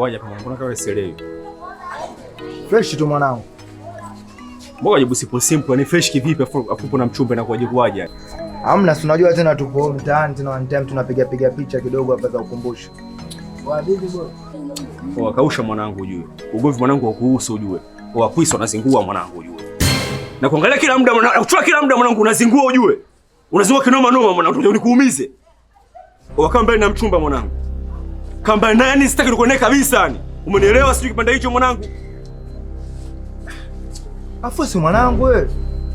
Imekuwaje pamoja? Mbona kama sielewi? Fresh tu mwanangu. Mbona jibu simple simple, ni fresh kivipi afu afu na mchumba na kuwaje kuwaje? Hamna, si unajua tena tupo mtaani tena one time tunapiga piga picha kidogo hapa za ukumbusho. Wa bibi bwana. Kwa kausha mwanangu ujue. Ugovi mwanangu wa kuhusu ujue. Wa kwiso anazingua mwanangu ujue. Na kuangalia kila muda mwanangu, kuchua kila muda mwanangu unazingua ujue. Unazingua kinoma noma mwanangu, unikuumize. Wakaa mbele na mchumba mwanangu. Kamba nani? Sitaki nikuone kabisa ni. Umenielewa sijui kipande hicho mwanangu. Afu si mwanangu wewe.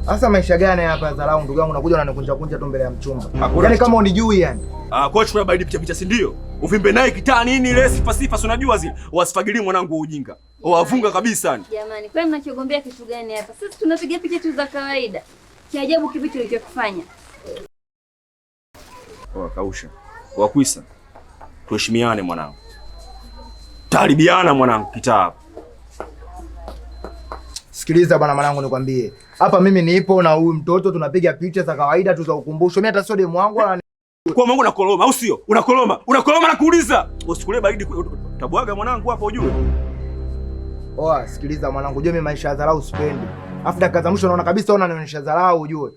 Sasa maisha gani hapa dharau ndugu yangu unakuja unanikunja kunja tu mbele ya mchumba. Yaani kama unijui yani. Ah, coach kuna baridi picha picha si ndio? Uvimbe naye kitaa nini ile sifa sifa si unajua zile. Wasifagilie mwanangu ujinga. Wavunga kabisa ni. Jamani, kwani mnachogombea kitu gani hapa? Sisi tunapiga picha tu za kawaida. Kiajabu ajabu kipi tulichokifanya? Wakausha. Wakwisa. Tuheshimiane mwanangu, taribiana mwanangu kitaa Sikiliza bwana mwanangu, nikwambie hapa, mimi nipo na huyu mtoto, tunapiga picha za kawaida tu za ukumbusho. Mimi hata sio demu wangu wala kwa Mungu, unakoloma au sio? Unakoloma, unakoloma na kuuliza, usikule baridi tabwaga mwanangu hapo, ujue. Oa, sikiliza mwanangu, ujue mimi maisha ya dharau sipendi. Afu dakika za mwisho naona kabisa, naona naonyesha dharau, ujue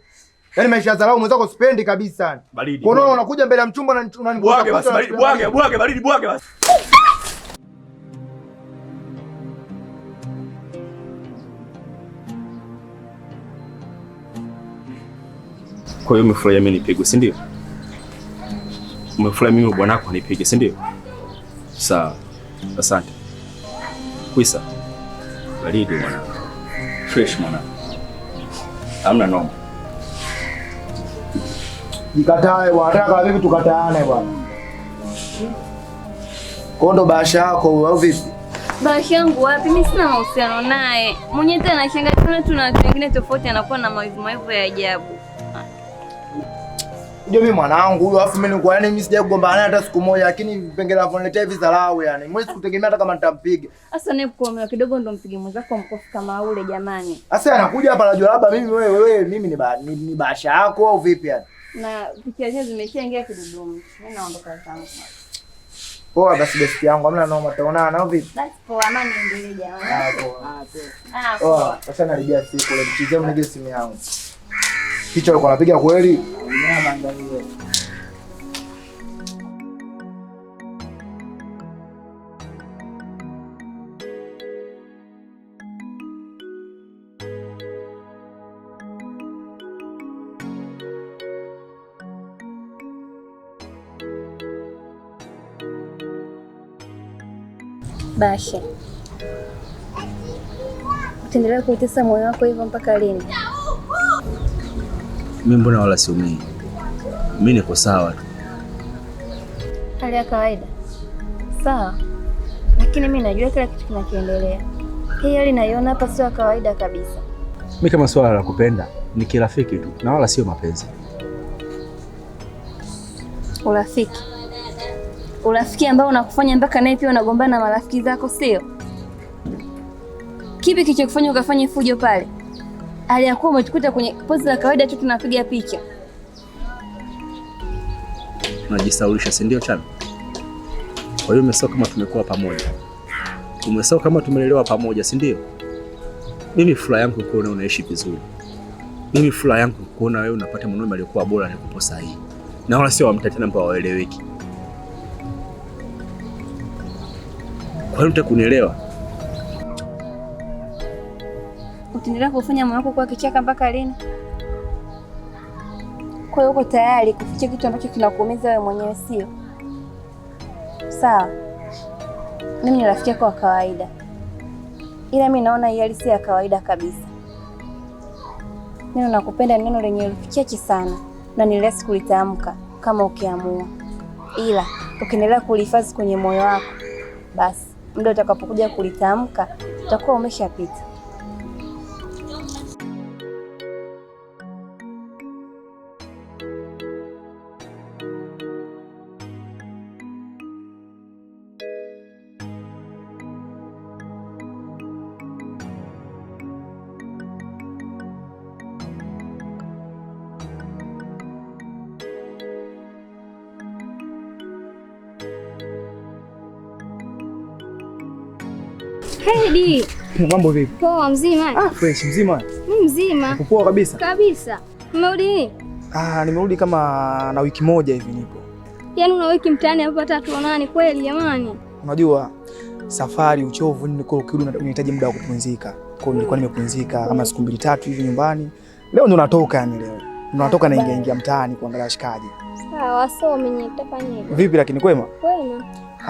Yaani maisha ya dharau mwenzako sipendi kabisa. Baridi. Kwa nini unakuja mbele ya mchumba na unanikosa? Bwage basi, baridi, bwage, bwage, baridi, bwage basi. Kwa hiyo umefurahia mimi nipigwe, si ndio? Umefurahia mimi bwanako nipige, si ndio? Sawa. Asante. Kwisa. Baridi mwana. Fresh mwana. Amna noma. Nikatae bwana, nataka vipi tukataane bwana. Kwa ndo bahasha yako au vipi? Bahasha yangu wapi? Mimi sina mahusiano naye. Mwenye tena na shangazi, tuna watu wengine tofauti, anakuwa na mawivu mawivu ya ajabu. Ndio mimi mwanangu huyo, afu mimi nilikuwa yani mimi sija kugombana naye hata siku moja, lakini vipengele anavoniletea hivi dharau yani. Mimi sikutegemea hata kama nitampiga. Sasa ni kuomea kidogo ndo mpige mwenzako mkofu kama ule jamani. Sasa anakuja hapa anajua labda mimi wewe wewe mimi ni, ba, ni, ni bahasha yako au vipi yani? na vikiazia ingia kidudumu. Mimi naondoka sana. Poa basi besti yangu, hamna noma, tutaonana au vipi? Basi poa, amani endelee Ah, Poa. Ah, poa. Sasa ah, narejea siku ile mchizee mnige simu yangu. Kichwa alikuwa anapiga kweli. Mimi naangalia. Bashe, utaendelea kuitesa moyo wako hivyo mpaka lini? Mi mbona wala siumii, mi niko sawa tu, hali ya kawaida. Sawa, lakini mi najua kila kitu kinachoendelea. Hii hali naiona hapa sio ya kawaida kabisa. Mi kama swala la kupenda ni kirafiki tu na wala sio mapenzi. Urafiki urafiki ambao unakufanya mpaka naye pia unagombana na marafiki zako, sio? Kipi kilichokufanya ukafanya fujo pale? Aliyakuwa umetukuta kwenye pozi za kawaida tu tunapiga picha. Unajisaulisha, si ndio Chana? Kwa hiyo umesahau kama tumekuwa pamoja, umesahau kama tumelelewa pamoja, si ndio? Mimi furaha yangu kuona unaishi vizuri, mimi furaha yangu kuona wewe unapata mwanaume aliyekuwa bora, nikupo sahihi na wala sio wamtatena ambao waeleweki. Hauta utakunielewa? Utaendelea kufanya moyo wako kuwa kichaka mpaka lini? Kwa hiyo uko tayari kuficha kitu ambacho kinakuumiza wewe mwenyewe, sio sawa? Mimi ni rafiki yako wa kawaida, ila mi naona hii hali si ya kawaida kabisa. Neno nakupenda neno lenye herufi chache sana, na ni rahisi kulitamka kama ukiamua, ila ukiendelea kulihifadhi kwenye moyo wako basi muda utakapokuja kulitamka utakuwa umeshapita. Hedi. Mambo vipi? Poa, mzima? Ah, fresh mzima. Mm, mzima. Poa kabisa. Kabisa. Umerudi? Ah, nimerudi kama na wiki moja hivi nipo. Yaani una wiki mtaani hapa hata tuonani kweli jamani? Unajua safari, uchovu niko kirudi na unahitaji muda wa kupumzika. Kwa hiyo nilikuwa nimepumzika kama siku mbili tatu hivi nyumbani. Leo ndo natoka yani leo. Natoka na ingia ingia mtaani kuangalia shikaji. Sawa, so mimi nitafanya hivyo. Vipi lakini kwema? Kwema.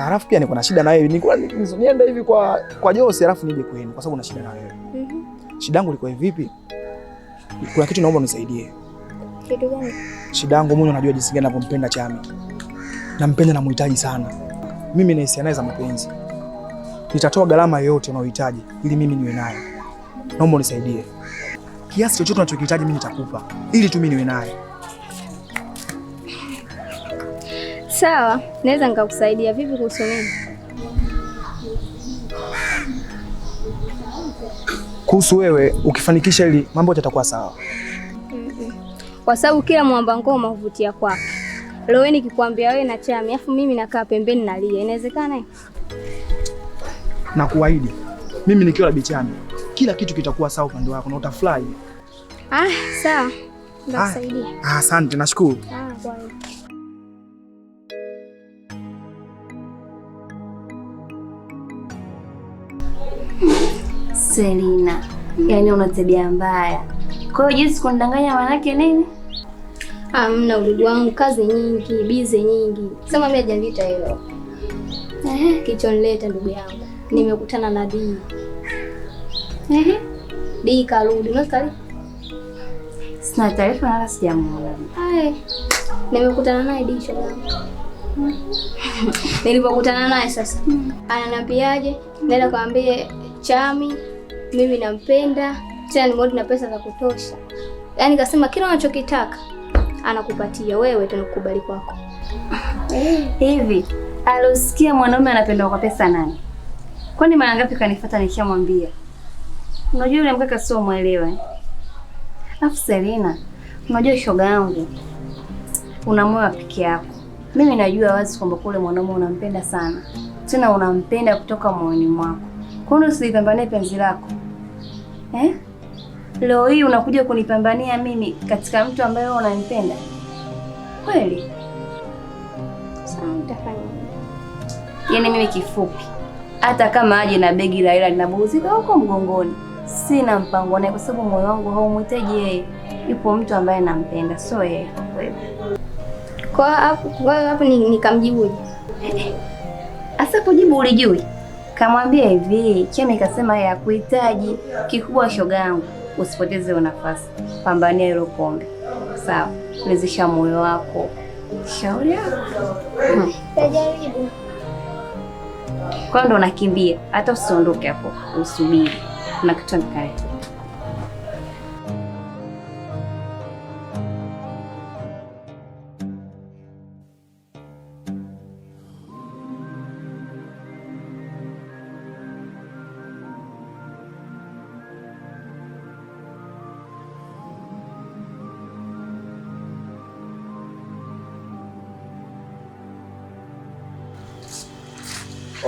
Alafu pia niko na shida na wewe. Nilikuwa niende hivi kwa kwa Jose alafu nije kwenu kwa sababu na shida na wewe. Mhm. Shida yangu ilikuwa hivi vipi? Kuna kitu naomba unisaidie. Kitu gani? Shida yangu mimi unajua jinsi gani ninapompenda Chami. Nampenda na muhitaji sana. Mimi na hisia naye za mapenzi. Nitatoa gharama yoyote unayohitaji ili mimi niwe naye. Naomba unisaidie. Kiasi chochote unachokihitaji mimi nitakupa ili tu mimi niwe naye. Sawa, naweza nikakusaidia. Vipi kuhusu nini? Kuhusu wewe, ukifanikisha hili mambo yatakuwa sawa. mm -mm. Kwa sababu kila mwamba ngoma huvutia kwake. Leo wewe nikikwambia wewe na Chami, afu mimi nakaa pembeni nalia, inawezekana? Nakuahidi mimi nikiwa na Bichami, kila kitu kitakuwa sawa upande wako na utafurahi. Ah, sawa. Nitakusaidia. Ah, asante, nashukuru. Ah, Selina, yaani una tabia mbaya. Kwa hiyo jinsi kunidanganya manake nini? amna ah, udugu wangu, kazi nyingi, bize nyingi, sema mimi hajaniita hilo kichonileta. Ndugu yangu, nimekutana na Dii. Dii karudi nakali, sina taarifa, nala sijamuona. Nimekutana naye Dii shoga. nilipokutana naye sasa mm. ananiambiaje, naenda kaambie Chami, mimi nampenda tena nimodi na pesa za kutosha, yaani kasema kila unachokitaka anakupatia wewe, tunakubali kwako. Hivi alosikia mwanaume anapendwa kwa pesa nani? Kwani mara ngapi kanifuata nikishamwambia? Unajua yule mkaka sio mwelewa. Alafu Selina, unajua shoga yangu una moyo pekee yako mimi najua wazi kwamba kule mwanaume unampenda sana, tena unampenda kutoka moyoni mwako. Kwa nini usilipambanie penzi lako eh? Leo hii unakuja kunipambania mimi katika mtu ambaye unampenda kweli? Yaani mimi kifupi, hata kama aje na begi la hela linabuzika huko mgongoni, sina mpango naye, kwa sababu moyo wangu haumhitaji yeye. Yupo mtu ambaye nampenda, so yeye kweli kwa hapo nikamjibu hasa eh, eh. kujibu ulijui, kamwambia hivi Chemi kasema ya kuhitaji kikubwa, shoga yangu, usipoteze nafasi, pambania hilo kombe sawa, lizisha moyo wako, shauri yako tajaribu. Hmm. Kwa ndo nakimbia, hata usiondoke hapo, usubiri na kitu nikale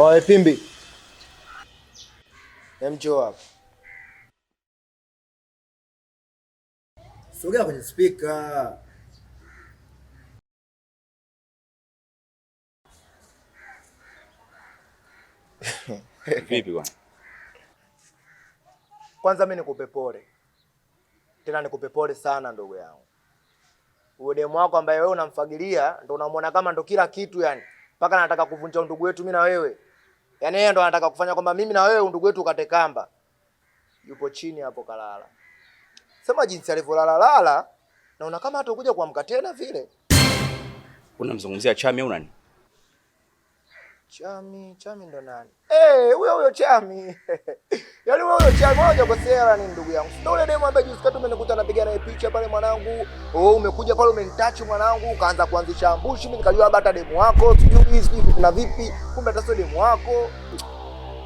Oe Pimbi, emjoo hapa, sogea kwenye spika. Vipi bwana? Kwanza mi nikupe pole, tena nikupe pole sana ndugu yangu. Huyo demu wako ambaye wewe unamfagilia ndo unamwona kama ndo kila kitu yani, mpaka nataka kuvunja undugu wetu mi na wewe Yaani yeye ndo anataka kufanya kwamba mimi na wewe ndugu wetu ukate kamba. Yupo chini hapo kalala. Sema jinsi alivyolala lala, naona kama kuja kuamka tena vile. Unamzungumzia Chami au nani? Chami, Chami ndo nani? Eh, hey, huyo huyo Chami. Yaani wewe huyo Chami waje kwa sera ni ndugu yangu. Sio yule demo ambaye juzi kati umenikuta napiga naye picha pale mwanangu. Oh, umekuja pale umenitouch mwanangu, ukaanza kuanzisha ambushi, mimi nikajua labda hata demo wako, sijui sijui kuna vipi, kumbe hata sio demo wako.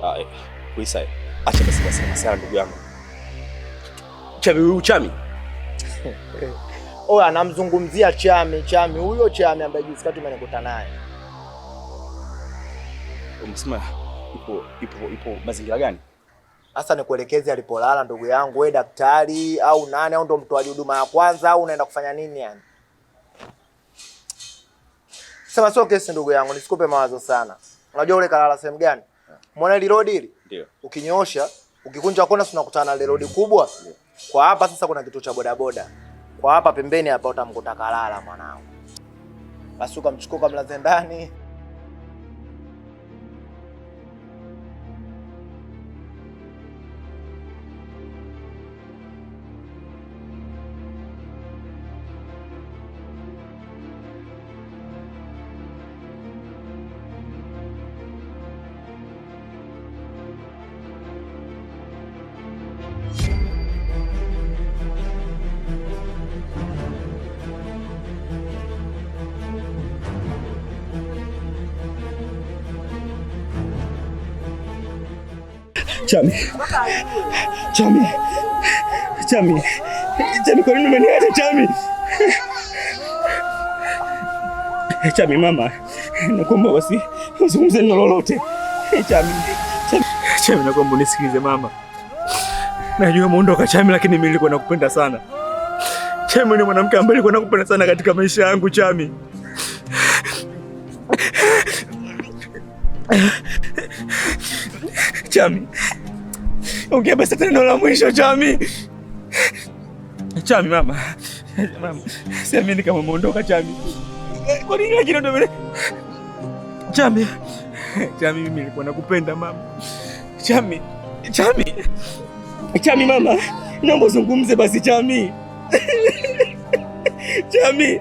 Ah, eh. Kuisa. Acha basi basi sera ndugu yangu. Chami huyo Chami. Oh, anamzungumzia Chami, Chami huyo Chami ambaye juzi kati umenikuta naye umesema ipo ipo ipo mazingira gani? hasa? Ni nikuelekeze alipolala ndugu yangu, wewe daktari au nani au ndo mtoaji huduma ya kwanza au unaenda kufanya nini yani? Sema sio kesi ndugu yangu, nisikupe mawazo sana. Unajua ule kalala sehemu gani? Muone ile road ile? Ndio. Ukinyosha, ukikunja kona tunakutana na road kubwa. Ndiyo. Kwa hapa sasa kuna kituo cha bodaboda. Kwa hapa pembeni hapa utamkuta kalala mwanangu. Basi ukamchukua kamlaze ndani. Chami, Chami, Chami, Chami, kwa nini umeniacha Chami? Chami mama, nakuomba basi uzungumze na lolote. Chami, Chami, nakuomba unisikilize mama. Najua umeondoka Chami, lakini mimi nilikuwa nakupenda sana. Chami ni mwanamke ambaye nilikuwa nakupenda sana katika maisha yangu Chami. Chami. Ongea basi hata neno la mwisho Chami. Chami mama. Mama. Siamini kama umeondoka Chami. Eh, kwa nini lakini ndio mimi? Chami. Chami mimi nilikuwa nakupenda mama. Chami. Chami. Chami mama. Naomba uzungumze basi Chami. Chami.